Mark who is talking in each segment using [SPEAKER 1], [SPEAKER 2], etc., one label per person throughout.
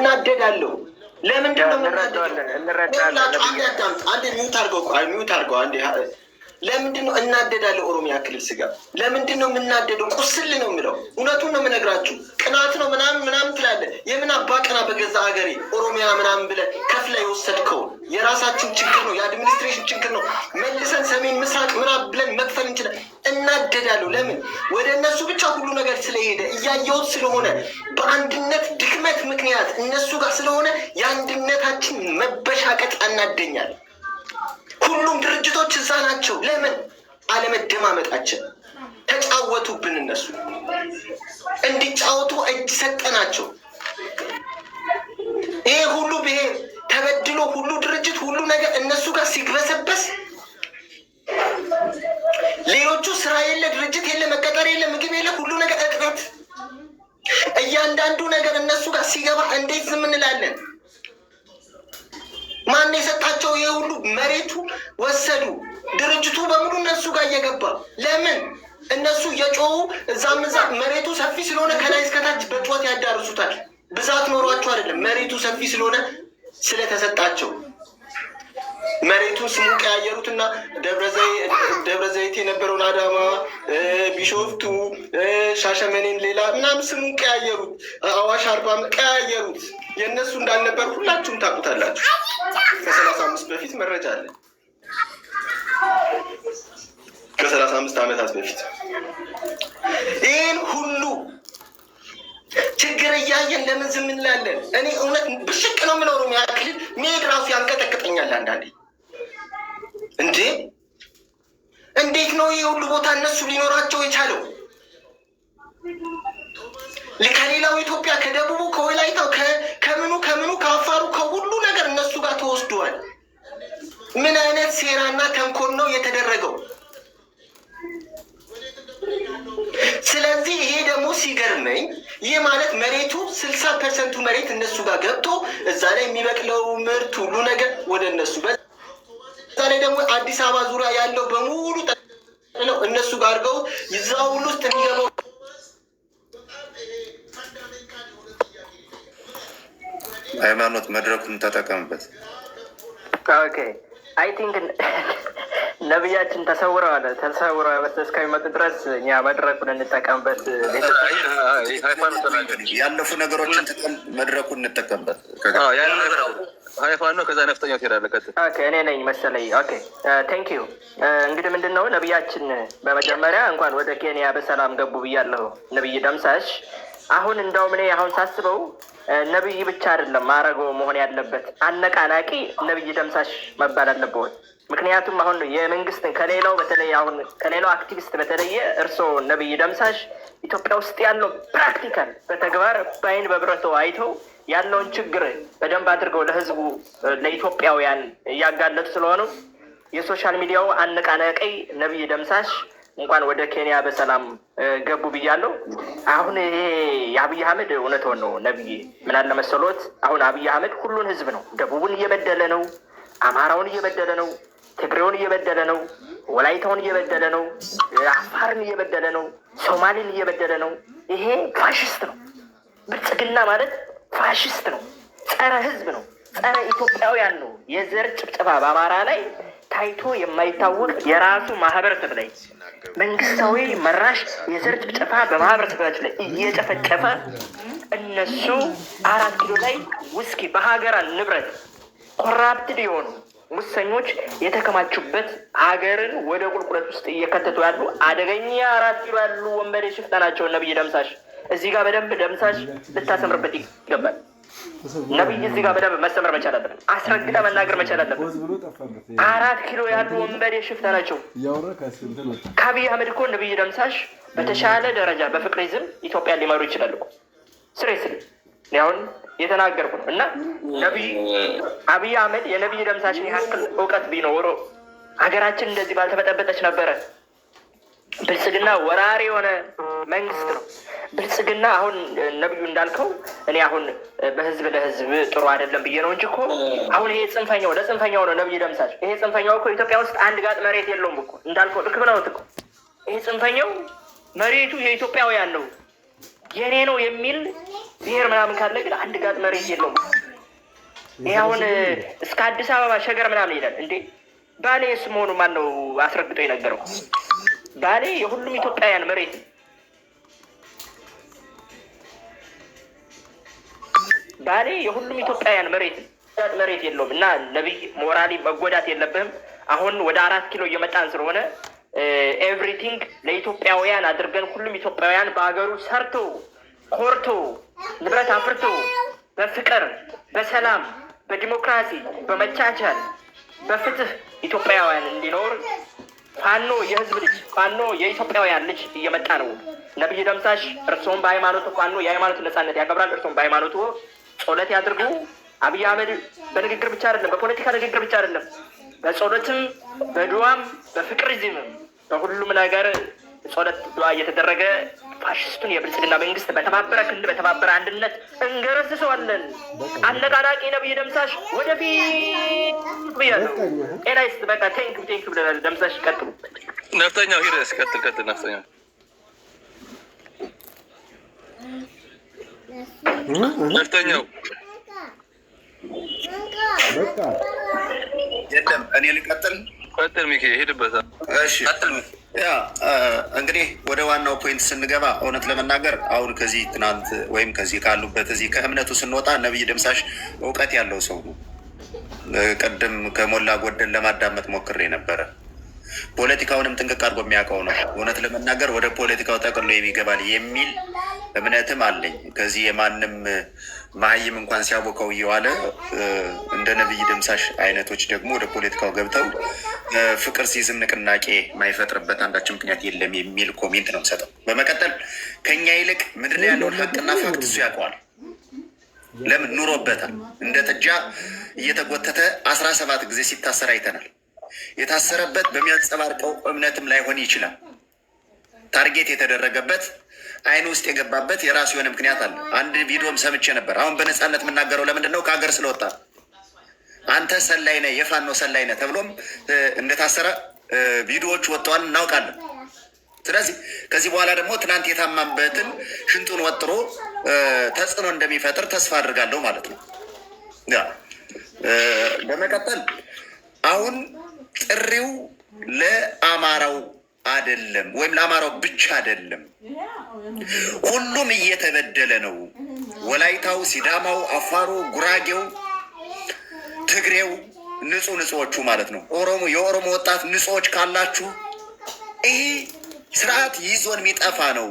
[SPEAKER 1] እናደዳለሁ። ለምንድን ነው የምናደደው? ሁላችሁ አንዴ አዳምጥ፣ አንዴ ሚዩት አድርገው፣ ሚዩት አርገው አንዴ ለምንድን ነው እናደዳለ? ኦሮሚያ ክልል ስጋ ለምንድን ነው የምናደደው? ቁስል ነው የምለው። እውነቱን ነው የምነግራችሁ። ቅናት ነው ምናምን ምናምን ትላለ። የምን አባ ቅና በገዛ ሀገሬ ኦሮሚያ ምናምን ብለ ላይ የወሰድከው የራሳችን ችግር ነው፣ የአድሚኒስትሬሽን ችግር ነው። መልሰን ሰሜን ምስራቅ ምዕራብ ብለን መክፈል እንችላል። እናደዳለሁ። ለምን ወደ እነሱ ብቻ ሁሉ ነገር ስለሄደ እያየሁት ስለሆነ በአንድነት ድክመት ምክንያት እነሱ ጋር ስለሆነ የአንድነታችን መበሻቀጥ አናደኛል። ሁሉም ድርጅቶች እዛ ናቸው። ለምን አለመደማመጣችን ተጫወቱብን። እነሱ እንዲጫወቱ እጅ ሰጠናቸው። ይሄ ሁሉ ብሔር ተበድሎ ሁሉ ድርጅት ሁሉ ነገር እነሱ ጋር ሲግበሰበስ ሌሎቹ ስራ የለ፣ ድርጅት የለ፣ መቀጠር የለ፣ ምግብ የለ፣ ሁሉ ነገር እጥረት፣ እያንዳንዱ ነገር እነሱ ጋር ሲገባ እንዴት ዝም እንላለን? ማን የሰጣቸው ይሄ ሁሉ መሬቱ ወሰዱ። ድርጅቱ በሙሉ እነሱ ጋር እየገባ ለምን እነሱ የጮሁ እዛም እዛ መሬቱ ሰፊ ስለሆነ ከላይ እስከታች በጩኸት ያዳርሱታል። ብዛት ኖሯቸው አይደለም፣ መሬቱ ሰፊ ስለሆነ ስለተሰጣቸው መሬቱን ስሙን ቀያየሩትና ደብረ ዘይት የነበረውን አዳማ፣ ቢሾፍቱ፣ ሻሸመኔን ሌላ ምናምን ስሙን ቀያየሩት። አዋሽ አርባም ቀያየሩት። የእነሱ እንዳልነበር ሁላችሁም ታውቁታላችሁ። ከሰላሳ አምስት በፊት መረጃ አለ። ከሰላሳ አምስት ዓመታት በፊት ይህን ሁሉ ችግር እያየን ለምን ዝም እንላለን? እኔ እውነት ብሽቅ ነው የምኖሩ ያክል ሜድ ራሱ ያንቀጠቅጠኛል አንዳንዴ። እንዴ እንዴት ነው ይህ ሁሉ ቦታ እነሱ ሊኖራቸው የቻለው? ከሌላው ኢትዮጵያ ከደቡቡ፣ ከወላይታው፣ ከምኑ ከምኑ፣ ከአፋሩ ከሁሉ ነገር እነሱ ጋር ተወስደዋል። ምን አይነት ሴራና ተንኮል ነው የተደረገው? ስለዚህ ይሄ ደግሞ ሲገርመኝ ይህ ማለት መሬቱ ስልሳ ፐርሰንቱ መሬት እነሱ ጋር ገብቶ እዛ ላይ የሚበቅለው ምርት ሁሉ ነገር ወደ እነሱ በዛ ላይ ደግሞ አዲስ አበባ ዙሪያ ያለው በሙሉ ነው እነሱ ጋር አድርገው ይዛ ሁሉ ውስጥ የሚገባው
[SPEAKER 2] ሃይማኖት መድረኩን ተጠቀምበት።
[SPEAKER 3] ኦኬ አይ ቲንክ ነቢያችን ተሰውረዋል። ተሰውረ እስከሚመጡ ድረስ እኛ መድረኩን እንጠቀምበት።
[SPEAKER 2] ያለፉ ነገሮችን መድረኩን እንጠቀምበት። ሀይፋኖ ከዛ ነፍጠኛ ትሄዳለህ።
[SPEAKER 3] እኔ ነኝ መሰለኝ። ኦኬ ቴንክ ዩ። እንግዲህ ምንድን ነው ነቢያችን በመጀመሪያ እንኳን ወደ ኬንያ በሰላም ገቡ ብያለሁ። ነብይ ደምሳሽ አሁን እንደውም እኔ አሁን ሳስበው ነብይ ብቻ አይደለም ማረገው መሆን ያለበት አነቃናቂ ነብይ ደምሳሽ መባል አለበት። ምክንያቱም አሁን የመንግስትን ከሌላው በተለይ አሁን ከሌላው አክቲቪስት በተለየ እርስዎ ነብይ ደምሳሽ ኢትዮጵያ ውስጥ ያለው ፕራክቲካል በተግባር በአይን በብረቶ አይተው ያለውን ችግር በደንብ አድርገው ለህዝቡ ለኢትዮጵያውያን እያጋለጡ ስለሆነ የሶሻል ሚዲያው አነቃናቂ ነብይ ደምሳሽ እንኳን ወደ ኬንያ በሰላም ገቡ ብያለሁ። አሁን ይሄ የአብይ አህመድ እውነት ሆን ነው ነብይ ምናለ መሰሎት፣ አሁን አብይ አህመድ ሁሉን ህዝብ ነው፣ ደቡቡን እየበደለ ነው፣ አማራውን እየበደለ ነው፣ ትግሬውን እየበደለ ነው፣ ወላይታውን እየበደለ ነው፣ አፋርን እየበደለ ነው፣ ሶማሌን እየበደለ ነው። ይሄ ፋሽስት ነው። ብልጽግና ማለት ፋሽስት ነው፣ ጸረ ህዝብ ነው፣ ጸረ ኢትዮጵያውያን ነው። የዘር ጭብጨባ በአማራ ላይ ታይቶ የማይታወቅ የራሱ ማህበረሰብ ላይ መንግስታዊ መራሽ የዘር ጭፍጨፋ በማህበረሰባችን ላይ እየጨፈጨፈ እነሱ አራት ኪሎ ላይ ውስኪ በሀገር ንብረት ኮራፕትድ የሆኑ ሙሰኞች የተከማቹበት ሀገርን ወደ ቁልቁለት ውስጥ እየከተቱ ያሉ አደገኛ አራት ኪሎ ያሉ ወንበዴ ሽፍታ ናቸው። ነብይ ደምሳሽ እዚህ ጋር በደንብ ደምሳሽ ልታሰምርበት ይገባል። ነቢይ እዚህ ጋር በደንብ መሰመር መቻል አለብን። አስረግጠ መናገር መቻል አለብን። አራት ኪሎ ያሉ ወንበዴ ሽፍታ ናቸው። ከአብይ አህመድ እኮ ነብይ ደምሳሽ በተሻለ ደረጃ በፍቅር ይዝም ኢትዮጵያ ሊመሩ ይችላሉ። ስሬስ አሁን የተናገርኩ ነው እና ነቢይ አብይ አህመድ የነቢይ ደምሳሽን ያክል እውቀት ቢኖሮ ሀገራችን እንደዚህ ባልተበጠበጠች ነበረ። ብልጽግና ወራሪ የሆነ መንግስት ነው። ብልጽግና አሁን ነብዩ እንዳልከው እኔ አሁን በህዝብ ለህዝብ ጥሩ አይደለም ብዬ ነው እንጂ እኮ አሁን ይሄ ጽንፈኛው ለጽንፈኛው ነው ነብዩ ደምሳች። ይሄ ጽንፈኛው እኮ ኢትዮጵያ ውስጥ አንድ ጋጥ መሬት የለውም እኮ እንዳልከው ልክ ነው እኮ ይሄ ጽንፈኛው መሬቱ የኢትዮጵያውያን ነው የእኔ ነው የሚል ብሔር ምናምን ካለ ግን አንድ ጋጥ መሬት የለውም። ይህ አሁን እስከ አዲስ አበባ ሸገር ምናምን ይላል እንዴ ባሌ ስመሆኑ ማን ነው አስረግጦ የነገረው? ባሌ የሁሉም ኢትዮጵያውያን መሬት ባሌ የሁሉም ኢትዮጵያውያን መሬት መሬት የለውም እና ነቢይ ሞራሊ መጎዳት የለብህም። አሁን ወደ አራት ኪሎ እየመጣን ስለሆነ ኤቭሪቲንግ ለኢትዮጵያውያን አድርገን ሁሉም ኢትዮጵያውያን በሀገሩ ሰርቶ ኮርቶ ንብረት አፍርቶ በፍቅር በሰላም በዲሞክራሲ በመቻቻል በፍትህ ኢትዮጵያውያን እንዲኖር ፋኖ የህዝብ ልጅ ፋኖ የኢትዮጵያውያን ልጅ እየመጣ ነው። ነብይ ደምሳሽ እርስዎም በሃይማኖቱ ፋኖ የሃይማኖት ነጻነት ያከብራል። እርስዎም በሃይማኖቱ ጸሎት ያድርጉ። አብይ አህመድ በንግግር ብቻ አይደለም፣ በፖለቲካ ንግግር ብቻ አይደለም፣ በጸሎትም፣ በድዋም፣ በፍቅር ዚምም በሁሉም ነገር ጸሎት ዱዓ እየተደረገ ፋሽስቱን የብልጽግና መንግስት በተባበረ ክልል በተባበረ አንድነት እንገረስሰዋለን። አነቃናቂ ነብይ ደምሳሽ ወደፊት ብያለሁ። ጤና ይስጥ። በቃ ቴንክ ቴንክ ብለናል። ደምሳሽ ቀጥሉ።
[SPEAKER 2] ነፍጠኛው ሂድ ቀጥል ቀጥል። ነፍተኛው ነፍጠኛው
[SPEAKER 4] የለም እኔ ልቀጥል
[SPEAKER 2] ቀጥል። ሚኪ ሄድበታል
[SPEAKER 4] እንግዲህ ወደ ዋናው ፖይንት ስንገባ እውነት ለመናገር አሁን ከዚህ ትናንት ወይም ከዚህ ካሉበት እዚህ ከእምነቱ ስንወጣ ነብይ ደምሳሽ እውቀት ያለው ሰው ነው። ቅድም ከሞላ ጎደል ለማዳመጥ ሞክሬ ነበረ። ፖለቲካውንም ጥንቅቅ አድርጎ የሚያውቀው ነው። እውነት ለመናገር ወደ ፖለቲካው ጠቅሎ የሚገባል የሚል እምነትም አለኝ። ከዚህ የማንም መሀይም እንኳን ሲያቦካው እየዋለ እንደ ነብይ ደምሳሽ አይነቶች ደግሞ ወደ ፖለቲካው ገብተው ፍቅር ሲዝም ንቅናቄ ማይፈጥርበት አንዳችን ምክንያት የለም የሚል ኮሜንት ነው ሰጠው። በመቀጠል ከኛ ይልቅ ምድር ላይ ያለውን ሀቅና ፋክት እሱ ያውቀዋል። ለምን ኑሮበታል። እንደ ጥጃ እየተጎተተ አስራ ሰባት ጊዜ ሲታሰር አይተናል። የታሰረበት በሚያንጸባርቀው እምነትም ላይሆን ይችላል ታርጌት የተደረገበት አይን ውስጥ የገባበት የራሱ የሆነ ምክንያት አለ። አንድ ቪዲዮም ሰምቼ ነበር። አሁን በነፃነት የምናገረው ለምንድን ነው? ከሀገር ስለወጣ አንተ ሰላይ ነህ፣ የፋኖ ሰላይ ነህ ተብሎም እንደታሰረ ቪዲዮዎች ወጥተዋል፣ እናውቃለን። ስለዚህ ከዚህ በኋላ ደግሞ ትናንት የታማበትን ሽንጡን ወጥሮ ተጽዕኖ እንደሚፈጥር ተስፋ አድርጋለሁ ማለት ነው። በመቀጠል አሁን ጥሪው ለአማራው አይደለም ወይም ለአማራው ብቻ አይደለም። ሁሉም እየተበደለ ነው። ወላይታው፣ ሲዳማው፣ አፋሩ፣ ጉራጌው፣ ትግሬው ንጹህ ንጹዎቹ ማለት ነው። ኦሮሞ የኦሮሞ ወጣት ንጹዎች ካላችሁ ይህ ስርዓት ይዞን የሚጠፋ ነው።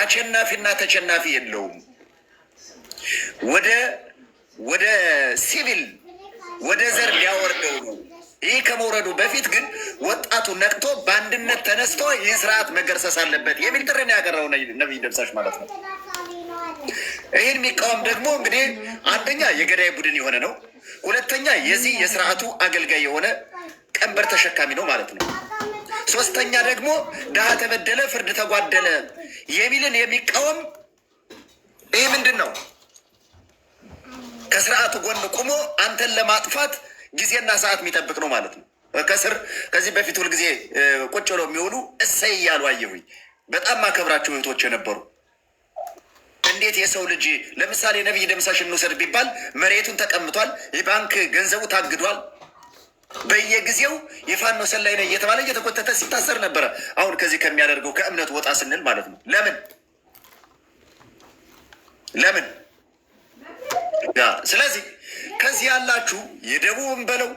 [SPEAKER 4] አሸናፊና ተሸናፊ የለውም። ወደ ወደ ሲቪል ወደ ዘር ሊያወርደው ነው። ይህ ከመውረዱ በፊት ግን ወጣቱ ነቅቶ በአንድነት ተነስቶ ይህ ስርዓት መገርሰስ አለበት የሚል ጥሪ ነው ያቀረበው ነቢይ ደምሳሽ ማለት ነው። ይህን የሚቃወም ደግሞ እንግዲህ አንደኛ የገዳይ ቡድን የሆነ ነው፣ ሁለተኛ የዚህ የስርዓቱ አገልጋይ የሆነ ቀንበር ተሸካሚ ነው ማለት ነው። ሶስተኛ ደግሞ ድሃ ተበደለ፣ ፍርድ ተጓደለ የሚልን የሚቃወም ይህ ምንድን ነው? ከስርዓቱ ጎን ቁሞ አንተን ለማጥፋት ጊዜና ሰዓት የሚጠብቅ ነው ማለት ነው። ከስር ከዚህ በፊት ሁልጊዜ ቁጭ ብለው የሚውሉ እሰይ እያሉ አየሁኝ። በጣም ማከብራቸው እህቶች የነበሩ እንዴት የሰው ልጅ ለምሳሌ ነቢይ ደምሳሽ እንውሰድ ቢባል መሬቱን ተቀምጧል፣ የባንክ ገንዘቡ ታግዷል። በየጊዜው የፋኖ ሰላይ ነው እየተባለ እየተቆተተ ሲታሰር ነበረ። አሁን ከዚህ ከሚያደርገው ከእምነት ወጣ ስንል ማለት ነው። ለምን ለምን? ስለዚህ ከዚህ ያላችሁ የደቡብን በለው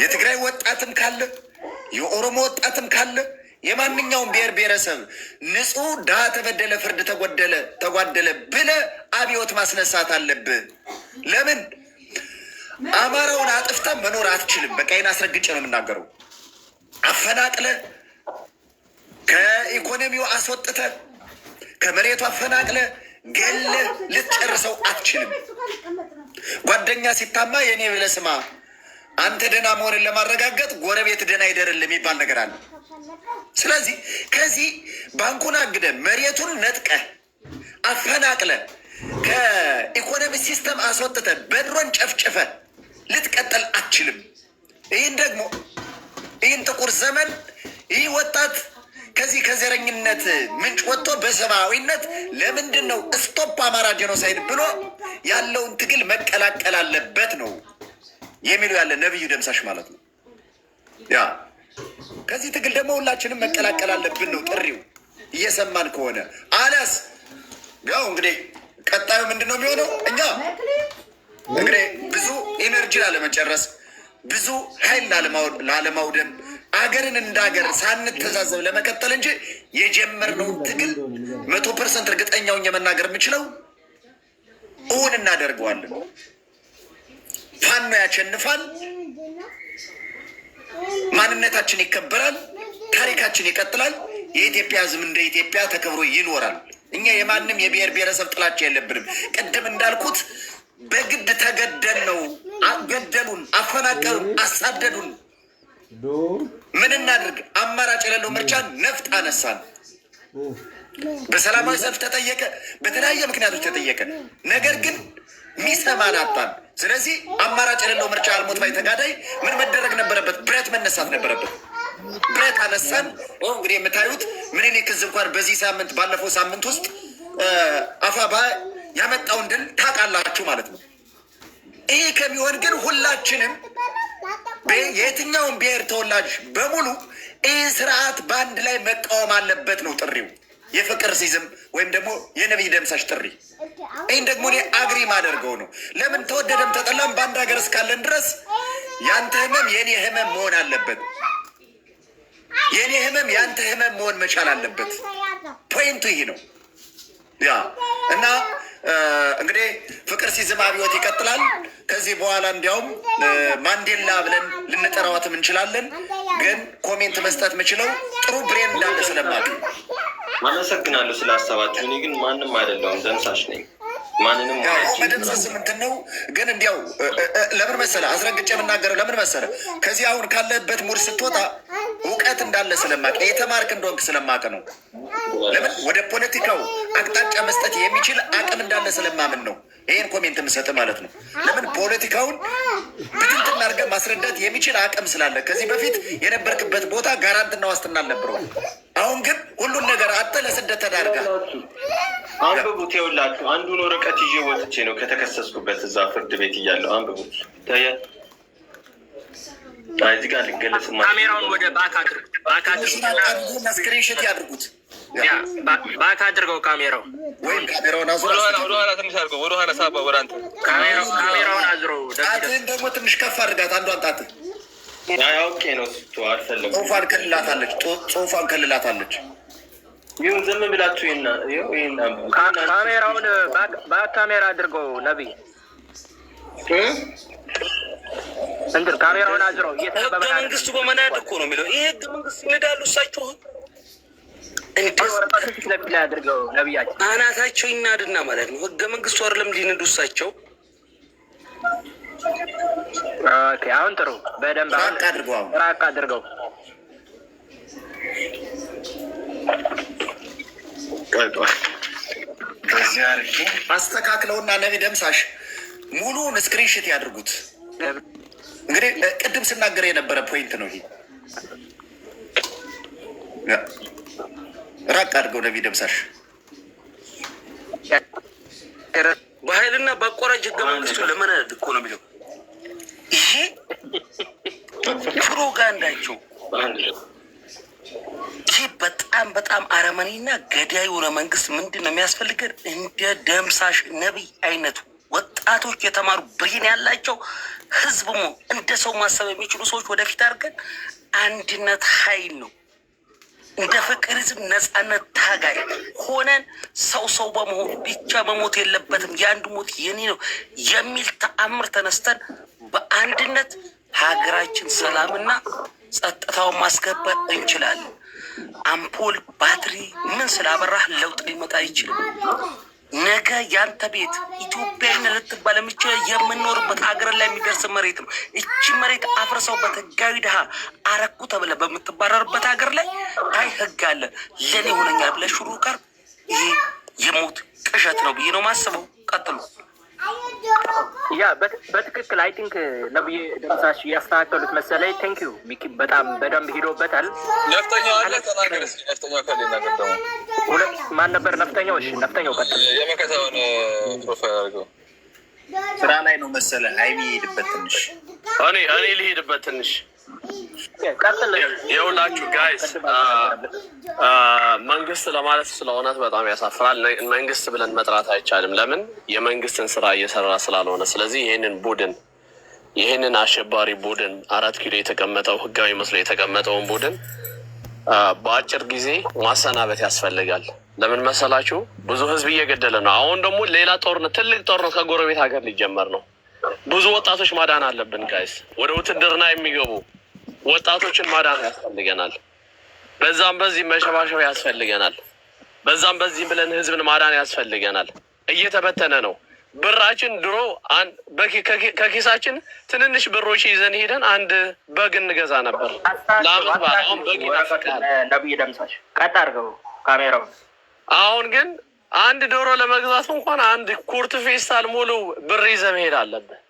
[SPEAKER 4] የትግራይ ወጣትም ካለ የኦሮሞ ወጣትም ካለ የማንኛውም ብሔር ብሔረሰብ ንጹህ ድሃ ተበደለ፣ ፍርድ ተጎደለ ተጓደለ ብለ አብዮት ማስነሳት አለብህ። ለምን አማራውን አጥፍተ መኖር አትችልም። በቃ ይህን አስረግጬ ነው የምናገረው። አፈናቅለ ከኢኮኖሚው አስወጥተ ከመሬቱ አፈናቅለ ገለ ልትጨርሰው አትችልም። ጓደኛ ሲታማ የኔ ብለህ ስማ አንተ ደህና መሆንን ለማረጋገጥ ጎረቤት ደህና ይደርል የሚባል ነገር አለ። ስለዚህ ከዚህ ባንኩን አግደ መሬቱን ነጥቀ አፈናቅለ ከኢኮኖሚ ሲስተም አስወጥተ በድሮን ጨፍጭፈ ልትቀጠል አትችልም። ይህን ደግሞ ይህን ጥቁር ዘመን ይህ ወጣት ከዚህ ከዘረኝነት ምንጭ ወጥቶ በሰብአዊነት ለምንድን ነው ስቶፕ አማራ ጄኖሳይድ ብሎ ያለውን ትግል መቀላቀል አለበት። የሚለው ያለ ነብዩ ደምሳሽ ማለት ነው። ያ ከዚህ ትግል ደግሞ ሁላችንም መቀላቀል አለብን ነው ጥሪው። እየሰማን ከሆነ አሊያስ ያው እንግዲህ ቀጣዩ ምንድን ነው የሚሆነው? እኛ እንግዲህ ብዙ ኢነርጂ ላለመጨረስ፣ ብዙ ኃይል ላለማውደም፣ አገርን እንደ ሀገር ሳንተዛዘብ ለመቀጠል እንጂ የጀመርነው ትግል መቶ ፐርሰንት እርግጠኛውን የመናገር የምችለው እውን እናደርገዋለን። ነው ያሸንፋል፣ ማንነታችን ይከበራል፣ ታሪካችን ይቀጥላል፣ የኢትዮጵያ ሕዝብ እንደ ኢትዮጵያ ተከብሮ ይኖራል። እኛ የማንም የብሔር ብሔረሰብ ጥላቻ የለብንም። ቅድም እንዳልኩት በግድ ተገደን ነው። አገደሉን፣ አፈናቀሉን፣ አሳደዱን። ምን እናድርግ? አማራጭ የሌለው ምርጫ ነፍጥ አነሳን። በሰላማዊ ሰልፍ ተጠየቀ፣ በተለያየ ምክንያቶች ተጠየቀ። ነገር ግን ሚሰማን አጣን። ስለዚህ አማራጭ የሌለው ምርጫ አልሞት ባይ ተጋዳይ ምን መደረግ ነበረበት? ብረት መነሳት ነበረበት። ብረት አነሳን። እንግዲህ የምታዩት ምኒልክዝ እንኳን በዚህ ሳምንት ባለፈው ሳምንት ውስጥ አፋባ ያመጣውን ድል ታውቃላችሁ ማለት ነው። ይሄ ከሚሆን ግን ሁላችንም የትኛውን ብሔር ተወላጅ በሙሉ ይህ ስርዓት በአንድ ላይ መቃወም አለበት ነው ጥሪው የፍቅር ሲዝም ወይም ደግሞ የነቢይ ደምሳሽ ጥሪ። ይህን ደግሞ እኔ አግሪ ማደርገው ነው። ለምን ተወደደም ተጠላም በአንድ ሀገር እስካለን ድረስ ያንተ ህመም የእኔ ህመም መሆን አለበት። የእኔ ህመም ያንተ ህመም መሆን መቻል አለበት። ፖይንቱ ይህ ነው። ያ እና እንግዲህ ፍቅር ሲዝም አብዮት ይቀጥላል። ከዚህ በኋላ እንዲያውም ማንዴላ ብለን ልንጠራዋትም እንችላለን። ግን ኮሜንት መስጠት የምችለው ጥሩ ብሬን እንዳለ ስለማቅ
[SPEAKER 2] አመሰግናለሁ ስለ ሀሳባችሁ። እኔ ግን ማንም አይደለሁም ደምሳሽ ነኝ። ማንንም
[SPEAKER 4] ምንድን ነው ግን እንዲያው ለምን መሰለ አስረግጬ የምናገረው ለምን መሰለ ከዚህ አሁን ካለበት ሙድ ስትወጣ እውቀት እንዳለ ስለማቅ የተማርክ እንደሆንክ ስለማቅ ነው። ለምን ወደ ፖለቲካው አቅጣጫ መስጠት የሚችል አቅም እንዳለ ስለማምን ነው። ይህን ኮሜንት ምሰጥ ማለት ነው። ለምን ፖለቲካውን በትክክል አድርገህ ማስረዳት የሚችል አቅም ስላለ ከዚህ በፊት የነበርክበት ቦታ ጋራንትና ዋስትና አልነበረውም። አሁን ግን ሁሉን ነገር አጥተህ ለስደት ተዳርጋ
[SPEAKER 2] አንብቡት። ይኸውላችሁ አንዱን ወረቀት ይዤ ወጥቼ ነው ከተከሰስኩበት እዛ ፍርድ ቤት እያለሁ አንብቡት። እዚህ ጋር ሊገለጽ
[SPEAKER 3] ካሜራውን ወደ ባክ አድርጉት፣
[SPEAKER 4] ስክሪንሽት ያድርጉት።
[SPEAKER 3] ባክ አድርገው ካሜራው ካሜራውን አዝረው።
[SPEAKER 4] ጣትህን ደግሞ ትንሽ ከፍ አድርጋት፣ አንዷን ጣት
[SPEAKER 2] ያውቄ ነው ስቱ አልፈለጉ
[SPEAKER 4] ጽሁፋን ከልላታለች፣ ጽሁፋን ከልላታለች።
[SPEAKER 2] ይሁን ዝም ብላችሁ
[SPEAKER 3] ካሜራውን ባክ ካሜራ አድርገው ነቢይ ህገ
[SPEAKER 4] መንግስቱ በመናድ እኮ ነው የሚለው። ይህ ህገ መንግስት ይንዳሉ እሳቸው አናታቸው ይናድና ማለት ነው። ህገ መንግስቱ አይደለም ሊንዱ እሳቸው።
[SPEAKER 3] አሁን ጥሩ በደንብ
[SPEAKER 4] ራቅ አድርገው አስተካክለውና ነቢ ደምሳሽ ሙሉውን ስክሪንሽት ያድርጉት። እንግዲህ ቅድም ስናገር የነበረ ፖይንት ነው ይሄ። ራቅ አድርገው ነቢ ደምሳሽ
[SPEAKER 2] በኃይልና በአቋራጭ ህገ መንግስቱ ለምን እኮ ነው የሚለው
[SPEAKER 4] ይሄ ፕሮፓጋንዳቸው። ይሄ በጣም በጣም አረመኔና ገዳይ የሆነ መንግስት ምንድን ነው የሚያስፈልገን? እንደ ደምሳሽ ነቢይ አይነቱ ወጣቶች የተማሩ ብሪን ያላቸው ህዝብ ሞ እንደ ሰው ማሰብ የሚችሉ ሰዎች ወደፊት አድርገን አንድነት ኃይል ነው። እንደ ፍቅር ህዝብ ነጻነት ታጋይ ሆነን ሰው ሰው በመሆኑ ብቻ መሞት የለበትም፣ የአንድ ሞት የኔ ነው የሚል ተአምር ተነስተን በአንድነት ሀገራችን ሰላምና ጸጥታውን ማስከበር እንችላለን። አምፖል ባትሪ ምን ስላበራህ ለውጥ ሊመጣ አይችልም። ነገ ያንተ ቤት ኢትዮጵያን ልትባል የምችል የምኖርበት ሀገር ላይ የሚደርስ መሬት ነው። እቺ መሬት አፍርሰው ህጋዊ ድሃ አረኩ ተብለ በምትባረርበት ሀገር ላይ አይ ህግ አለ ለኔ ሆነኛል ብለ ሽሩ ጋር ይሄ የሞት ቅዠት ነው ብዬ ነው ማስበው። ቀጥሉ።
[SPEAKER 3] ያ በትክክል አይ ቲንክ ነብይ ደምሳሽ እያስተካከሉት መሰለኝ። ቴንክ ዩ ሚኪ በጣም በደንብ ሂዶበታል። ሁለት ማን ነበር ነፍተኛው? እሺ ነፍተኛው ቀጥል።
[SPEAKER 4] ስራ ላይ ነው መሰለ አይሚ ሄድበት ትንሽ
[SPEAKER 2] እኔ እኔ ልሄድበት ትንሽ የሁላችሁ ጋይስ መንግስት ለማለት ስለ እውነት በጣም ያሳፍራል። መንግስት ብለን መጥራት አይቻልም። ለምን የመንግስትን ስራ እየሰራ ስላልሆነ። ስለዚህ ይህንን ቡድን ይህንን አሸባሪ ቡድን አራት ኪሎ የተቀመጠው ህጋዊ መስሎ የተቀመጠውን ቡድን በአጭር ጊዜ ማሰናበት ያስፈልጋል። ለምን መሰላችሁ? ብዙ ህዝብ እየገደለ ነው። አሁን ደግሞ ሌላ ጦርነት፣ ትልቅ ጦርነት ከጎረቤት ሀገር ሊጀመር ነው። ብዙ ወጣቶች ማዳን አለብን። ጋይስ ወደ ውትድርና የሚገቡ ወጣቶችን ማዳን ያስፈልገናል። በዛም በዚህ መሸባሸብ ያስፈልገናል። በዛም በዚህ ብለን ህዝብን ማዳን ያስፈልገናል። እየተበተነ ነው ብራችን። ድሮ ከኪሳችን ትንንሽ ብሮች ይዘን ሄደን አንድ በግ እንገዛ ነበር። ለአመት በግ አሁን ግን አንድ ዶሮ ለመግዛት እንኳን አንድ ኩርት ፌስታል ሙሉ ብር ይዘህ መሄድ አለብህ።